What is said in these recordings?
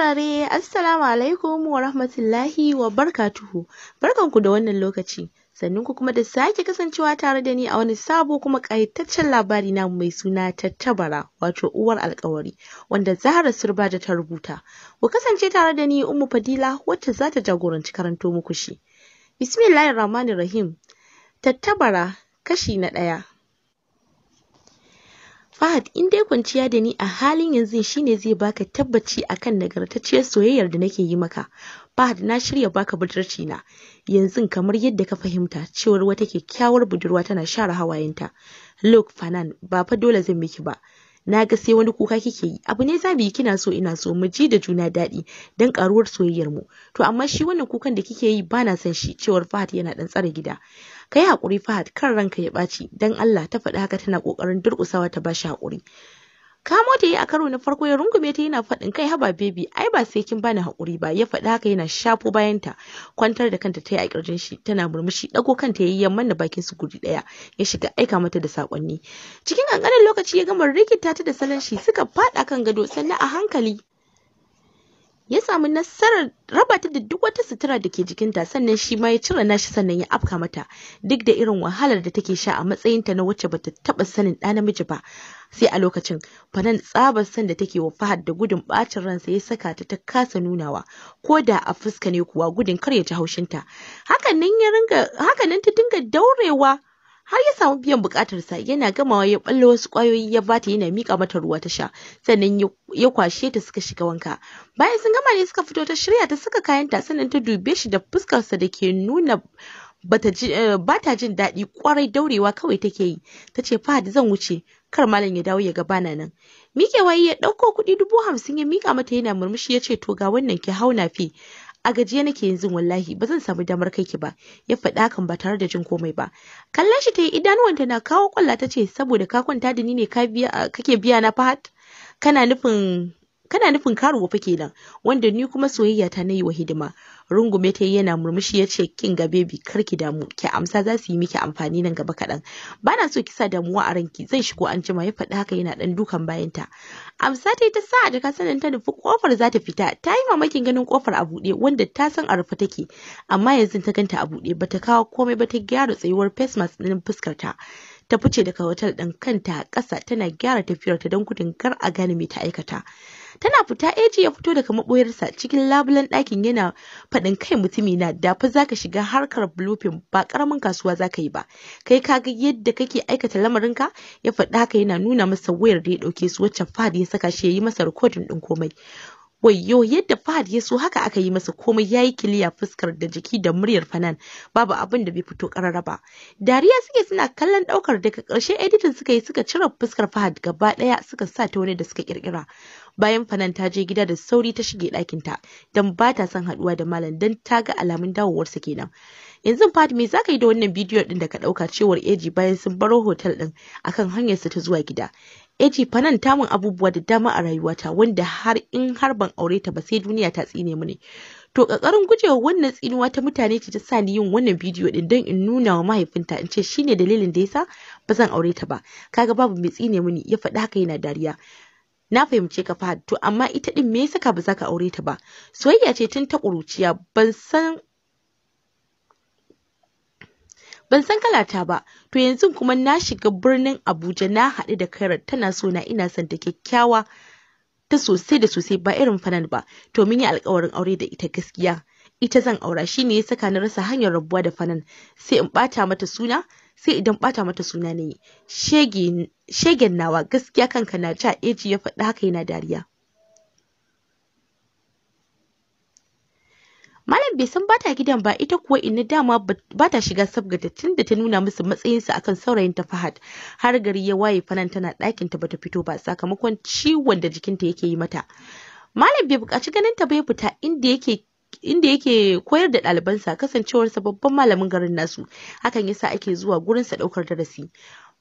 saurare Assalamu alaikum wa rahmatullahi wa barkatuhu. Barkanku da wannan lokaci. Sannan ku kuma da sake kasancewa tare da ni a wani sabo kuma ƙayataccen labari na mai suna tattabara wato uwar alkawari wanda Zahra Sirba da ta rubuta. Ku kasance tare da ni Ummu Fadila wacce za ta jagoranci karanto muku shi. Bismillahir Rahmanir Rahim. Tattabara kashi na ɗaya. Fahad in dai kwanciya da ni a halin yanzu shine zai baka tabbaci akan nagartacciyar soyayyar da nake yi maka. Fahad na shirya baka budurci na yanzu kamar yadda ka fahimta cewar wata kyakkyawar budurwa tana share hawayenta. Look Fanan ba fa dole zan miki ba. Na ga sai wani kuka kike yi abu ne zabi kina so ina so mu ji da juna daɗi dan karuwar soyayyar mu to amma shi wannan kukan da kike yi bana son shi cewar Fahad yana dan tsare gida kai haƙuri, Fahad kan ranka ya ɓaci dan Allah ta faɗi haka tana kokarin durƙusawa ta bashi hakuri kamo ta yi a karo na farko ya rungume ta yana faɗin kai haba bebi ai ba sai kin bani haƙuri ba ya faɗi haka yana shafo bayanta. kwantar da kanta ta yi a ƙirjin shi tana murmushi ɗago kanta ya yi yamman da bakin su guri ɗaya ya shiga aika mata da sakonni. cikin ƙanƙanin lokaci ya gama rikita ta da salon shi suka faɗa kan gado sannan a hankali ya samu nasarar raba ta da duk wata sutura da ke jikinta sannan shi ma ya cire nashi sannan ya afka mata duk da irin wahalar da take sha a matsayinta na wacce bata taba sanin ɗa namiji ba sai a lokacin fanan tsabar san da take wa fahad da gudun bacin ransa ya saka ta ta kasa nunawa ko da a fuska ne kuwa gudun kar ya ji haushinta hakan nan ya ringa hakan nan ta dinga daurewa har ya samu biyan bukatarsa yana gamawa ya ballo wasu kwayoyi ya bata yana mika mata ruwa ta sha sannan ya kwashe ta suka shiga wanka bayan sun gama ne suka fito ta shirya ta saka ta sannan ta dube shi da fuskarsa da ke nuna bata eh, jin daɗi kwarai daurewa kawai take yi ta ce fahad zan wuce kar malam ya dawo ya ga bana nan mike waye ya ɗauko kuɗi dubu hamsin ya mika mata yana murmushi ya ce to ga wannan ki hauna fi a gajiya nake yanzu wallahi ba zan samu damar kai ki ba ya faɗa hakan ba tare da jin komai ba kallon shi ta yi idanuwanta na kawo kwalla ta ce saboda ka kwanta da ni ne kake biya na fahad kana nufin kana nufin karuwa fa kenan wanda ni kuma soyayya ta na yi wa hidima rungume ta yana murmushi ya ce kin ga baby karki damu ki amsa za su yi miki amfani nan gaba kaɗan bana so ki sa damuwa a ranki zai shigo an jima ya faɗi haka yana ɗan dukan bayanta amsa ta ta sa a jaka sanin ta nufi kofar za ta fita ta yi mamakin ganin kofar a buɗe wanda ta san a rufe take amma yanzu ta ganta a buɗe bata kawo komai ba ta gyara tsayuwar face mask ɗin fuskar ta ta fice daga hotel ɗin kanta ƙasa tana gyara tafiyarta don gudun kar a gane me ta aikata tana fita eji ya fito daga maboyarsa cikin labulen ɗakin yana faɗin kai mutumi na dafa fa ka shiga harkar bluefin ba ƙaramin kasuwa za ka yi ba kai ka ga yadda kake aikata lamarinka ya faɗa haka yana nuna masa wayar da ya ɗauke su waccan Fahad ya saka shi ya yi masa rikodin ɗin komai Wayyo yadda Fahad ya so haka aka yi masa komai ya yi kiliya fuskar da jiki da muryar Fanan babu abin da bai fito ƙarara ba. Dariya suke suna kallon ɗaukar daga ƙarshe editin suka yi suka cire fuskar Fahad gaba ɗaya suka sa ta wani da suka ƙirƙira bayan fanan ta je gida da sauri ta shige ɗakinta don ba ta son haɗuwa da malam don ta ga alamun dawowarsa kenan yanzu fat me zaka yi da wannan bidiyo din da ka ɗauka cewar eji bayan sun baro hotel din akan hanyarsa ta zuwa gida Eji fanan ta mun abubuwa da dama a rayuwata wanda har in har ban aure ta ba sai duniya ta tsine mini to kakarin gujewa wannan tsinuwa ta mutane ce ta sani yin wannan bidiyo din don in nuna wa mahaifinta in ce shine dalilin da yasa ba zan aure ta ba kaga babu mai tsine mini ya faɗi haka yana dariya na fahimce ka Fahad to amma ita din me yasa ka ba za ka aure ta ba soyayya ce tun ta ƙuruciya ban san ban san kalata ba to yanzu kuma na shiga birnin Abuja na haɗu da Kairat tana so na ina son ta kyakkyawa ta sosai da sosai ba irin fanan ba to mun yi alƙawarin aure da ita gaskiya ita zan aura Shi ne ya saka na rasa hanyar rabuwa da fanan sai in bata mata suna sai idan bata mata suna ne shegen nawa gaskiya kanka na ci a eji ya faɗi haka yana dariya malam bai san bata gidan ba ita kuwa inna dama bata shiga sabgata tun da ta nuna musu matsayinsa akan saurayin ta fahad har gari ya waye fanan tana ɗakin ta bata fito ba sakamakon ciwon da jikinta yake yi mata malam bai buƙaci ganin ta bai fita inda yake inda yake koyar da ɗalibansa kasancewarsa babban malamin garin nasu hakan yasa ake zuwa gurinsa ɗaukar darasi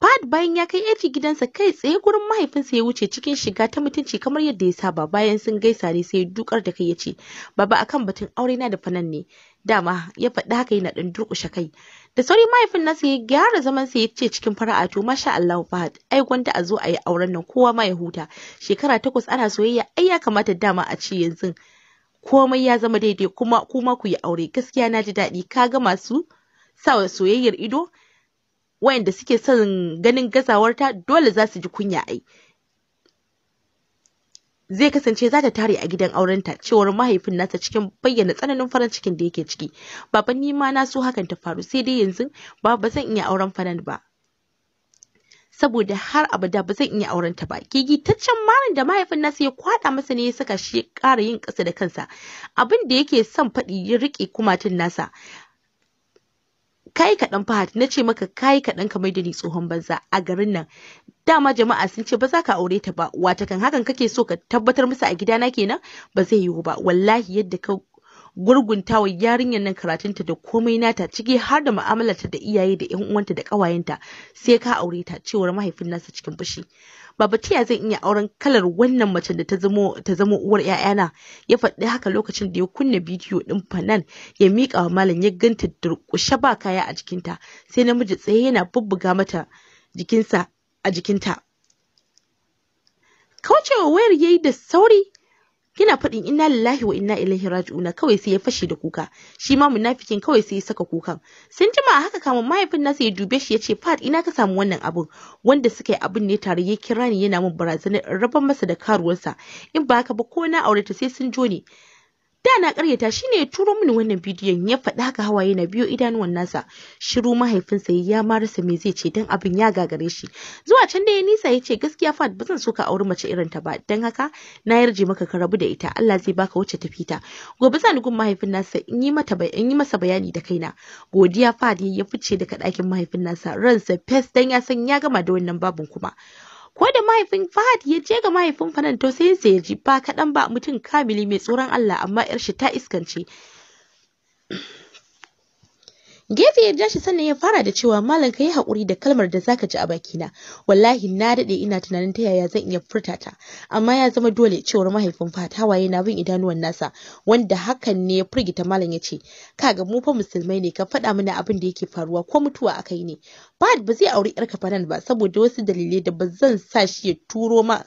Fahad bayan ya kai Efi gidansa kai tsaye gurin mahaifinsa ya wuce cikin shiga ta mutunci kamar yadda ya saba bayan sun gaisa ne sai dukar da kai ya ce baba akan batun aure na da fanan ne dama ya faɗi haka yana ɗan durƙushe kai da sauri mahaifin nasa ya gyara zaman sa ya ce cikin fara'a to masha Allah Fahad ai gwanda a zo a yi auren nan kowa ma ya huta shekara takwas ana soyayya ai ya kamata dama a ce yanzu komai ya zama daidai kuma kuma ku yi aure gaskiya na ji daɗi kaga masu sawa soyayyar ido wayanda suke son ganin gazawarta dole za su ji kunya ai zai kasance za ta tare a gidan aurenta cewar mahaifin nata cikin bayyana tsananin farin cikin da yake ciki baban nima na so hakan ta faru sai dai yanzu ba ba zan iya auren fanan ba saboda har abada ba zan iya auren ta ba gigitaccen marin da mahaifin nasa ya kwada masa ne ya saka shi ƙara yin ƙasa da kansa abin da yake son faɗi ya rike kumatun nasa kai kaɗan fahad na ce maka kai kaɗan ka mai da ni tsohon banza a garin nan dama jama'a sun ce ba za ka aure ta ba kan hakan kake so ka tabbatar musu a gidana kenan ba zai yiwu ba wallahi yadda ka gurguntawa yarinyar nan karatunta da komai nata ciki har da mu'amalarta da iyaye da ƴan uwanta da ƙawayenta sai ka aure ta cewa mahaifin nasa cikin fushi baba tiya zan iya auren kalar wannan macen da ta zama ta uwar ƴaƴana ya faɗi haka lokacin da ya kunna bidiyo ɗin fanan ya miƙa wa malam ya ganta durƙushe ba kaya a jikinta sai namiji tsaye yana bubbuga mata jikinsa a jikinta kaucewa wayar yayi da sauri Yana faɗin inna lillahi wa inna ilaihi raji'un kawai sai ya fashe da kuka. Shi ma munafikin kawai sai ya saka kukan. Sun jima haka kamun mahaifin nasa ya dube shi ya ce Fat ina ka samu wannan abun wanda suka yi abun ne tare ya kira ni yana min barazanar rabar masa da karuwarsa in ba haka ba ko na aure ta sai sun jone. da na karyata shi ne ya turo mini wannan bidiyon ya faɗi haka hawaye na biyo idanuwan nasa shiru mahaifinsa ya ma rasa me zai ce dan abin ya gagare shi zuwa can da ya nisa ya ce gaskiya Fat ba zan so ka auri mace irin ta ba dan haka na yarje maka ka rabu da ita Allah zai baka wacce ta fita gobe zan gun mahaifin nasa in yi mata in yi masa bayani da kaina godiya fat ya fice daga ɗakin mahaifin nasa ransa fes dan ya san ya gama da wannan babun kuma ko da mahaifin Fahad ya je ga mahaifin Fanan to sai ya ji ba kaɗan ba mutum kamili mai tsoron Allah amma yar shi ta iskance gefe ya jashi sannan ya fara da cewa malam ka yi haƙuri da kalmar da zaka ji a bakina wallahi na daɗe ina tunanin ta yaya zan iya furta ta amma ya zama dole cewar mahaifin ta hawaye na bin idanuwan nasa wanda hakan ne ya firgita malam ya ce kaga mu fa musulmai ne ka faɗa mana abin da yake faruwa ko mutuwa a kai ne fahad ba zai auri yarka nan ba saboda wasu dalilai da ba zan sa shi ya turo ma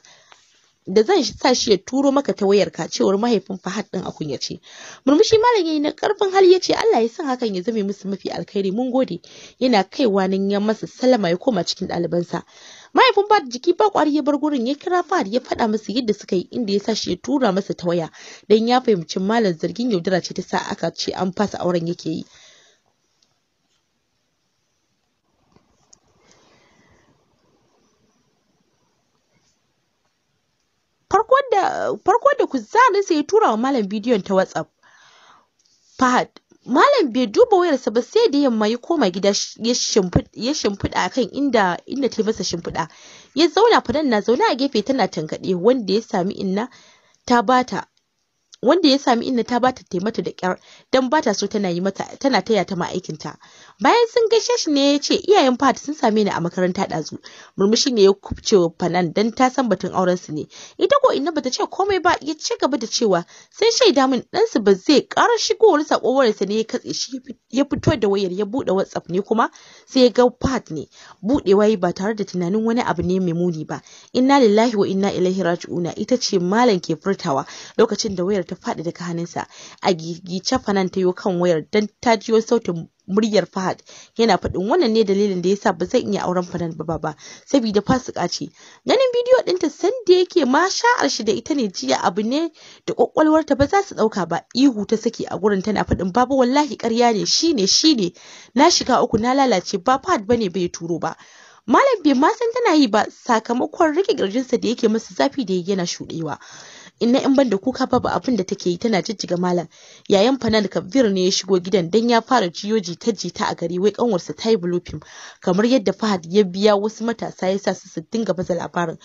da zan sa shi ya turo maka ta wayarka cewar mahaifin Fahad din ya ce. Murmushi malam yayi na karfin hali ya ce Allah ya san hakan ya zame musu mafi alkhairi mun gode. Yana kaiwa nan ya masa salama ya koma cikin ɗalibansa. Mahaifin Fahad jiki ba kwari ya bar gurin ya kira Fahad ya faɗa masa yadda suka yi inda ya sa shi ya tura masa ta waya dan ya fahimci malam zargin yaudara ce ta sa aka ce an fasa auren yake yi. farko da farko sai ya tura wa malam bidiyon ta whatsapp fahad malam bai duba wayarsa ba sai da yamma ya koma gida ya shimfiɗa a kan inda ta yi masa shimfiɗa ya zauna fadan na zaune a gefe tana tankaɗe wanda ya sami inna ta bata wanda ta taimata da kyar dan bata so tana yi mata tana taya ta ma'aikinta Bayan sun gaishe shi ne ya ce iyayen Fahad sun same ni a makaranta ɗazu. Murmushi ne ya kubce wa Fanan don ta san batun auren su ne. Ita ko Inna bata ce komai ba ya ci gaba da cewa sai shaida min ɗansu ba zai ƙara shigowar sako sa ne ya katse shi ya fito da wayar ya buɗe WhatsApp ne kuma sai ya ga Fahad ne buɗewa ba tare da tunanin wani abu ne mai muni ba. Inna lillahi wa inna ilaihi raji'una ita ce malam ke furtawa lokacin da wayar ta faɗi daga hannunsa. A gigice Fanan ta yi kan wayar don ta jiyo sautin muryar Fahad yana faɗin wannan ne dalilin da yasa ba zan iya auren fadan ba ba saboda fasika ce ganin bidiyo ɗinta sanda yake ma sha'ar shi da ita ne jiya abu ne da kwakwalwarta ba za su ɗauka ba ihu ta saki a gurin tana faɗin babu wallahi ƙarya ne shine shine na shiga uku na lalace ba Fahad bane bai turo ba Malam bai ma san tana yi ba sakamakon rike kirjinsa da yake masa zafi da yana shuɗewa. inna in banda kuka babu abin da take yi tana jijjiga malam yayan fanal kabir ne ya shigo gidan dan ya fara jiyo jita jita a gari wai kanwarsa ta yi bulofin kamar yadda fahad ya biya wasu matasa ya sa su su dinga baza labarin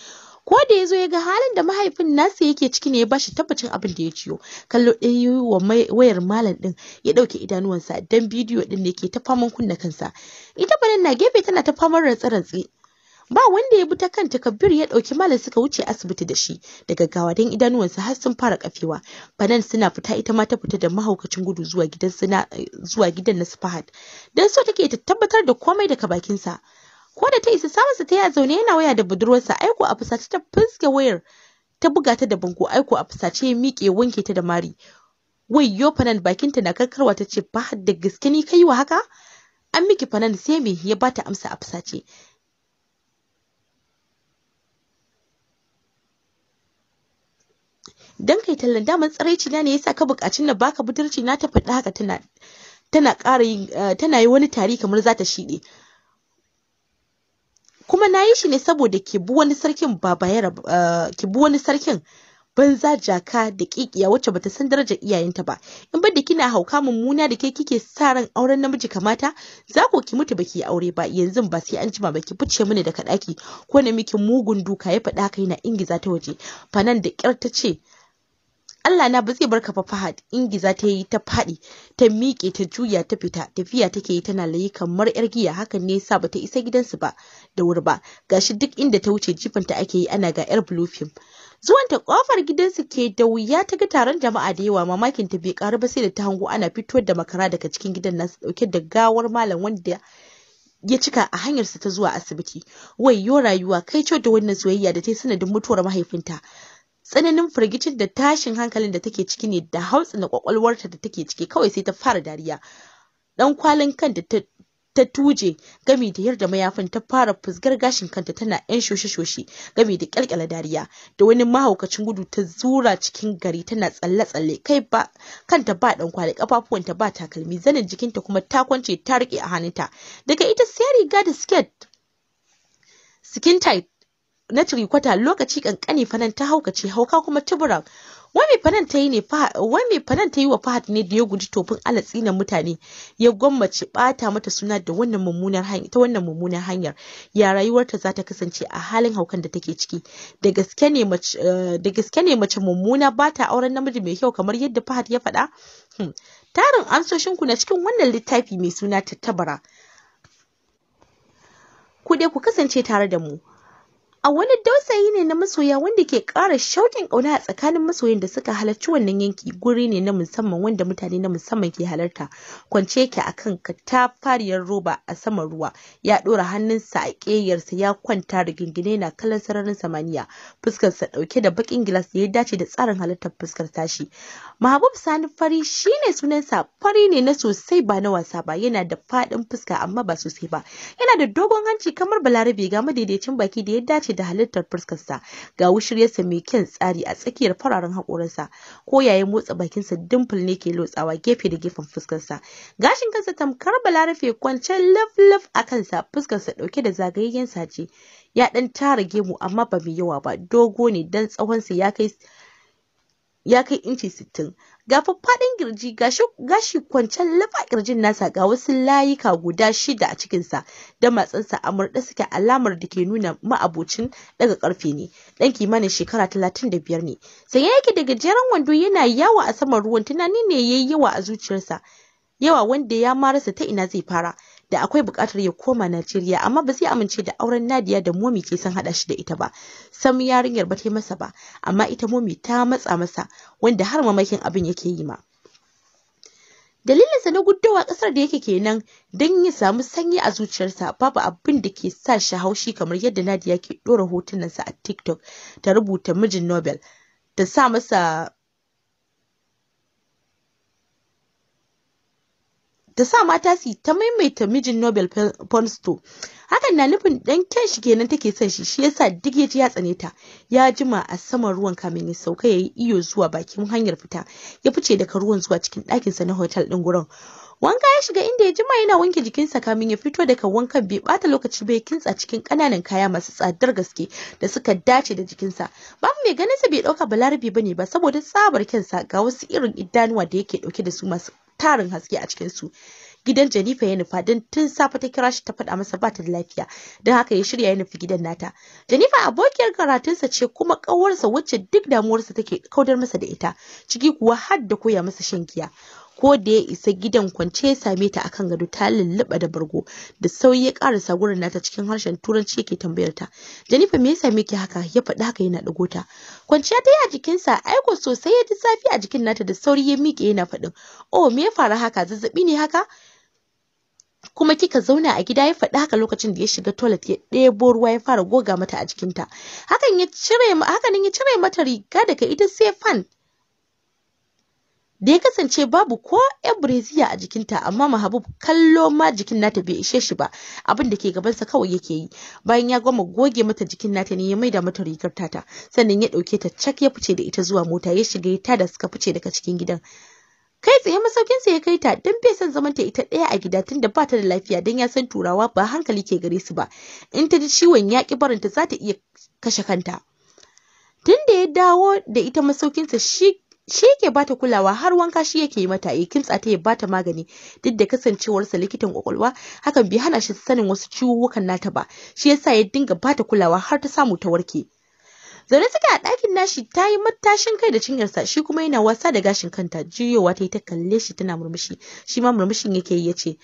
ko da ya ya ga halin da mahaifin nasa yake ciki ne ya bashi tabbacin abin da ya ciyo kallo ɗaya yi wayar malam ɗin ya ɗauke idanuwansa don bidiyo ɗin ne ke ta faman kunna kansa ita banan na gefe tana ta faman rantse-rantse ba wanda ya bi ta kan Takabir ya dauki malam suka wuce asibiti da shi da gaggawa don idanuwansa har sun fara kafewa fanan suna fita ita ma ta fita da mahaukacin gudu zuwa gidan suna zuwa gidan na Fahad dan so take ta tabbatar da komai daga bakinsa ko da ta isa samunsa ta ya zaune yana waya da budurwarsa aiko a fusace ta fuske wayar ta buga ta da bango aiko a fusace ya miƙe wanke ta da mari wai yo fanan bakinta na karkarwa ta ce ba da gaske ni kai wa haka an miki fanan sai me ya bata amsa a fusace dan kai tallan daman tsaraici na ne yasa ka bukaci na baka budurci na ta faɗi haka tana tana ƙara yi eh, tana yi wani tari kamar za ta shiɗe kuma na yi shi ne saboda ki bu wani sarkin ba bayara eh, ke bu wani sarkin banza jaka da kikiya wacce bata san darajar iyayenta ba in ba da kina hauka mummuna da ke kike sa ran auren namiji kamata za ku ki mutu baki aure ba yanzu ba sai an jima baki fice mini daga kadaki ko na miki mugun duka ya faɗa kai na ingiza ta waje fanan da kyar ta ce Allah na ba zai barka ba Fahad ingiza ta yi ta faɗi ta miƙe ta juya ta fita tafiya take yi tana layi kamar yar giya hakan ne yasa ta isa gidansu ba da wuri ba gashi duk inda ta wuce jifan ta ake yi ana ga yar blue film ta kofar gidansu ke da wuya ta ga taron jama'a da yawa mamakin ta bai karu ba sai da ta hango ana fito da makara daga cikin gidan nasu dauke da gawar malam wanda ya cika a hanyarsa ta zuwa asibiti wai yo rayuwa kai da wannan soyayya da ta sanadin mutuwar mahaifinta tsananin firgicin da tashin hankalin da take ciki ne da hautsina kwakwalwarta da take ciki kawai sai ta fara dariya dan kwalin kanta ta ta tuje gami da yarda mayafin ta fara fusgar gashin kanta tana yan shoshe-shoshe gami da kyalkyala dariya da wani mahaukacin gudu ta zura cikin gari tana tsalle-tsalle kai ba kanta ba dan kwali kafafuwanta ba takalmi zanin jikinta kuma ta kwance ta rike a hannunta daga ita sai riga da skirt skin tight na turikwata lokaci kankani fanan ta haukace hauka kuma tuburan Wani fanan ta yi ne wani fanan ta yi wa fahad ne da ya guji tofin alatsi na mutane ya gwammace bata mata suna da wannan mummunar hanyar ta wannan mummunar hanyar ya rayuwarta za ta kasance a halin haukan da take ciki da gaske ne mace eh, da gaske mummuna ba ta auren namiji mai kyau kamar yadda fahad ya faɗa hmm. tarin amsoshin ku na cikin wannan littafi mai suna tattabara ku dai ku kasance tare da mu a wani dausayi ne na masoya wanda ke ƙara shauƙin ƙauna a tsakanin masoyan da suka halarci wannan yanki guri ne na musamman wanda mutane na musamman ke halarta kwance ke a kan katafariyar roba a saman ruwa ya ɗora hannunsa a ƙeyarsa ya kwanta rigingine na kallon sararin samaniya fuskarsa ɗauke da baƙin gilas da ya dace da tsarin halartar fuskar tashi mahabub sani fari shine sunansa fari ne na sosai ba na wasa ba yana da faɗin fuska amma ba sosai ba yana da dogon hanci kamar balarabe ga madaidaicin baki da ya dace dace da halittar fuskarsa ga wushiryarsa mai kyan tsari a tsakiyar fararen haƙoransa ko yayin motsa bakinsa dimple ne ke lotsawa gefe da gefen fuskarsa gashin kansa tamkar balarafe kwance laf-laf a kansa fuskarsa ɗauke da zagayayyen sace ya ɗan tara gemu amma ba mai yawa ba dogo ne dan tsawonsa ya kai ya kai inci sittin ga faffaɗin girji gashi kwancen lafa girjin nasa ga wasu layuka guda shida a cikinsa da matsansa a murɗe suke alamar da ke nuna ma'abocin daga ƙarfe ne ɗan kimanin shekara talatin da biyar ne sanye yake da gajeren wando yana yawo a saman ruwan tunani ne ya yi yawa a zuciyarsa yawa wanda ya marasa ta ina zai fara da akwai bukatar ya koma Najeriya amma ba zai amince da auren Nadiya da Momi ke son haɗa shi da ita ba. Sam yarinyar ba ta masa ba amma ita Momi ta matsa masa wanda har mamakin abin yake yi ma. Dalilinsa na guddowa ƙasar da yake kenan don ya samu sanyi a zuciyarsa babu abin da ke sa shi haushi kamar yadda Nadiya ke ɗora hotunansa a TikTok ta rubuta mijin Nobel ta sa masa da sa mata su ta maimaita mijin Nobel Ponsto. Hakan na nufin ɗan kyan shi kenan take son shi shi yasa duk ya ji ya tsane ta. Ya jima a saman ruwan kamin ya sauka ya yi iyo zuwa bakin hanyar fita. Ya fice daga ruwan zuwa cikin ɗakinsa na hotel ɗin gurin. Wanka ya shiga inda ya jima yana wanke jikinsa kamin ya fito daga wankan bai bata lokaci bai kintsa cikin ƙananan kaya masu tsadar gaske da suka dace da jikinsa. Babu mai ganinsa bai ɗauka ba ne ba saboda tsabar kyansa ga wasu irin idanuwa da yake ɗauke da su masu tarin haske a cikin su gidan jenifa ya nufa don tun safe ta kira shi ta faɗa masa ba ta da lafiya don haka ya shirya ya nufi gidan nata jenifa abokiyar karatunsa ce kuma ƙawarsa wacce duk damuwarsa take kaudar masa da ita ciki kuwa har da koya masa shan giya ko da ya isa gidan kwance ya same ta akan gado ta lulluɓa da bargo da sauyi ya karasa gurin nata cikin harshen turanci yake tambayar ta janifa me ya same ki haka ya faɗa haka yana ɗago ta kwanciya ta yi a jikinsa aiko sosai ya ji zafi a jikin nata da sauri ya miƙe yana faɗin oh me ya faru haka zazzaɓi ne haka kuma kika zauna a gida ya faɗi haka lokacin da ya shiga toilet ya ɗebo ruwa ya fara goga mata a jikinta hakan ya hakan ya cire mata riga daga ita sai fan da ya kasance babu ko yan breziya a jikinta amma mahabub kallo ma jikin nata bai ishe shi ba abin da ke gabansa kawai yake yi bayan ya gwama goge mata jikin nata ne ya mai da mata rigar tata sannan ya ɗauke ta cak ya fice da ita zuwa mota ya shiga ita da suka fice daga cikin gidan kai tsaye masaukinsa ya kai ta don bai zaman ta ita ɗaya a gida tunda ba ta da lafiya dan ya san turawa ba hankali ke gare su ba in ta ji ciwon ya barinta za ta iya kashe kanta tun da ya dawo da ita masaukinsa shi shi yake bata kulawa har wanka shi yake mata yi kimtsa ta ya bata magani duk da kasancewarsa likitan kwakwalwa hakan bai hana shi sanin wasu ciwuwukan nata ba shi yasa ya dinga bata kulawa har ta samu ta warke zaune suka a ɗakin nashi ta yi matashin kai da cinyarsa shi kuma yana wasa da gashin kanta jiyowa ta yi ta kalle shi tana murmushi shi ma murmushin yake yi ya ce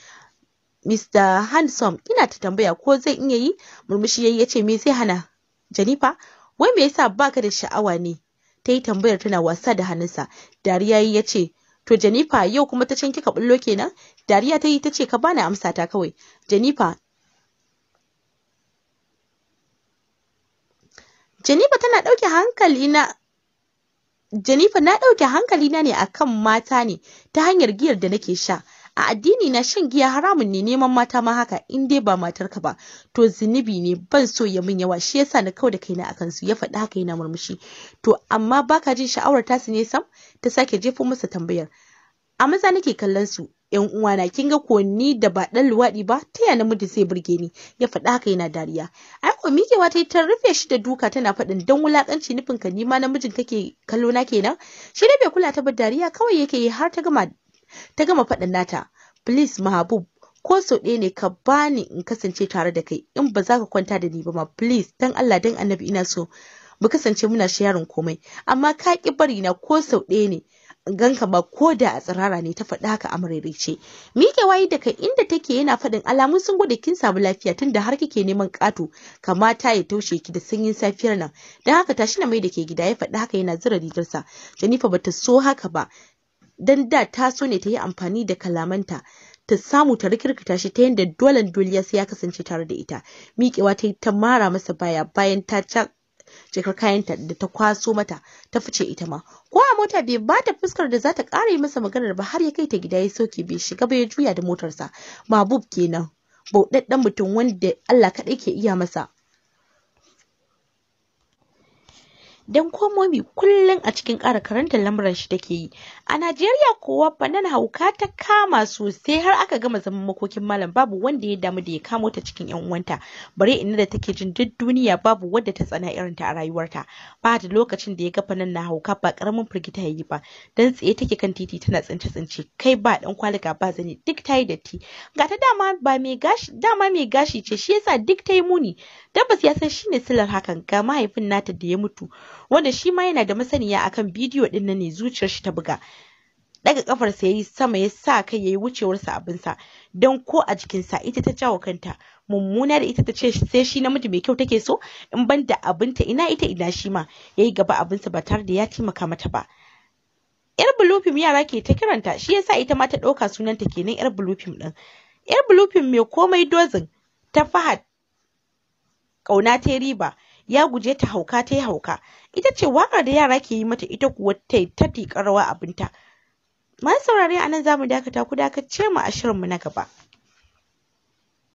Mr. Handsome ina ta tambaya ko zai iya yi murmushi yayi ya ce me zai hana Janifa wai me yasa baka da sha'awa ne ta yi tambayar tana wasa da hannunsa dariya ya ce to janifa yau kuma ta can kika bullo kenan dariya ta yi ta ce ka bani amsa ta kawai janifa janifa tana ɗauke hankali na Janifa na ɗauke hankalina ne akan mata ne ta hanyar giyar da nake sha. a addini na shan giya haramun ne neman mata ma haka in dai ba matarka ba to zunubi ne ban so ya min yawa shi yasa na kawai da kaina akan su ya faɗi haka yana murmushi to amma baka jin sha'awar ta su ne sam ta sake jefo masa tambayar a maza nake kallon su yan uwana kin ga ko ni da ba dan luwaɗi ba ta yana mudi zai burge ni ya faɗi haka yana dariya ai ko mikewa ta yi ta rufe shi da duka tana faɗin dan wulakanci nufin ka ma namijin kake kallo na kenan shi da bai kula ta ba dariya kawai yake yi har ta gama ta gama faɗin nata please mahabub ko sau ɗaya ne ka bani in kasance tare da kai in ba za ka kwanta da ni ba ma please dan Allah dan annabi ina so mu kasance muna sharing komai amma ka ki bari na ko sau ɗaya ne ganka ba ko da a tsirara ne ta faɗa haka amarere ce mike wayi da kai inda take yana faɗin alamun sun gode kin samu lafiya tunda har kike neman ƙato kamata ya taushe ki da sanyin safiyar nan dan haka tashi na mai da ke gida ya faɗi haka yana zira rigarsa Jennifer bata so haka ba don da ta so ne ta yi amfani da kalamanta ta samu ta rikirkita shi ta yadda doli ya sai ya kasance tare da ita miƙewa ta yi ta mara masa baya bayan ta cikar kayanta da ta kwaso mata ta fice ita ma ko a mota bai ba ta fuskar da za ta ƙara yi masa maganar ba har ya kai ta gida ya sauke bai shiga ba ya juya da motarsa mabub kenan bauɗaɗɗen mutum wanda Allah kaɗai ke iya masa don komomi kullum a cikin ƙara karantar lamuran shi take yi a najeriya kowa fannin hauka ta kama sosai har aka gama zaman makokin malam babu wanda ya damu da ya kamo ta cikin yan uwanta bare ina da take jin duk duniya babu wadda ta tsana irin ta a rayuwarta ba da lokacin da ya ga fannin na hauka ba karamin firgita ya yi ba dan tsaye take kan titi tana tsince tsince kai ba dan kwalika ba zani duk tayi datti ga ta dama ba mai gashi dama mai gashi ce shi yasa duk tayi muni tabbas ya san shine silar hakan ga mahaifin nata da ya mutu wanda shi ma yana da masaniya akan bidiyo din nan ne zuciyar shi ta buga daga kafar sa yayi sama ya sa kai yayi wucewar sa abin sa dan ko a jikin sa ita ta jawo kanta mummuna da ita ta ce sai shi namiji mai kyau take so in ban da ta ina ita ina shi ma yayi gaba abin sa ba tare da ya taimaka mata ba yar bulufin yara ke ta kiranta shi yasa ita ma ta ɗauka sunanta kenan yar bulufin ɗin yar bulufin mai komai dozin ta fahad ƙauna ta riba ya guje ta hauka ta yi hauka ita ce waƙar da yara ke yi mata ita kuwa ta yi ta tiƙar rawa abinta. Masu saurare a nan za mu dakata ku dakace mu a shirinmu na gaba.